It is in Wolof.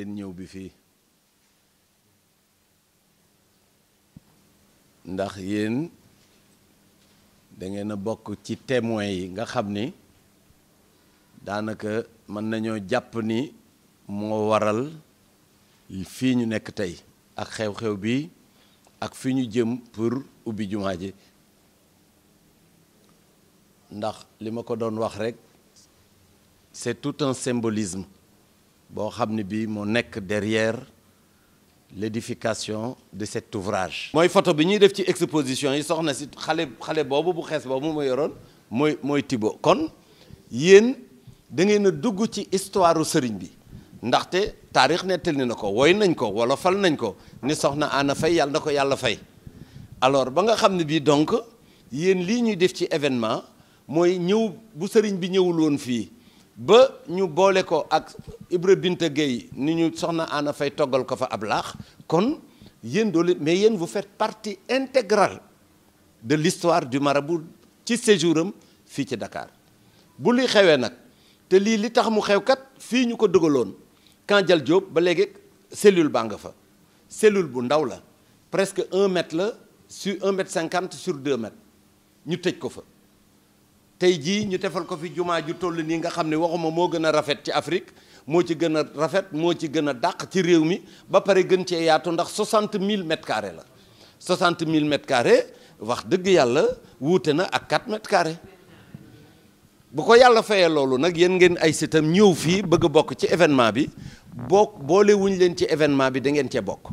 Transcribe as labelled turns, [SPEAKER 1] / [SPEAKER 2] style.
[SPEAKER 1] leen ñëw bi fii ndax yéen da ngeen a bokk ci témoin yi nga xam ni daanaka mën nañoo jàpp ni moo waral fii ñu nekk tey ak xew-xew bi ak fi ñu jëm pour ubbi jumaa ji ndax li ma ko doon wax rek c'est tout un symbolisme boo xam ne bii moo nekk derrière l'édification de cet ouvrage. mooy photo bi ñuy def ci exposition yi soxna si xale xale boobu bu xees boobu mu yoroon mooy mooy Thibaut kon yéen da ngeen a dugg ci histoire sëriñ bi ndaxte taarix nettali na ko woy nañ ko wala fal nañ ko ni soxna Anna fay yàlla na ko yàlla fay alors ba nga xam ne bii donc yéen lii ñuy def ci événement mooy ñëw bu sëriñ bi ñëwul woon fii. ba ñu boole ko ak Ibra Binta Gueye ni ñu soxna Anna fay toggal ko fa ab laax kon yéen doole mais yéen vous faites partie intégrale de l'histoire du marabout ci séjour am fii ci Dakar bu li xewee nag te lii li tax mu xew kat fii ñu ko dugaloon Kandial Diop ba léegi cellule baa nga fa cellule bu ndaw la presque un mètre la sur un mètre cinquante sur deux mètres ñu tëj ko fa tey jii ñu defal ko fi jumaa ju toll nii nga xam ne waxuma moo gën a rafet ci Afrique moo ci gën a rafet moo ci gën a dàq ci réew mi ba pare gën cee yaatu ndax 60 000 mètres carrés la 60 000 mètres carrés wax dëgg yàlla wuute na ak 4 mètres carrés bu ko yàlla fayee loolu nag yéen ngeen ay sitam ñëw fii bëgg bokk ci événement bi boo boole wuñ leen ci événement bi da ngeen cee bokk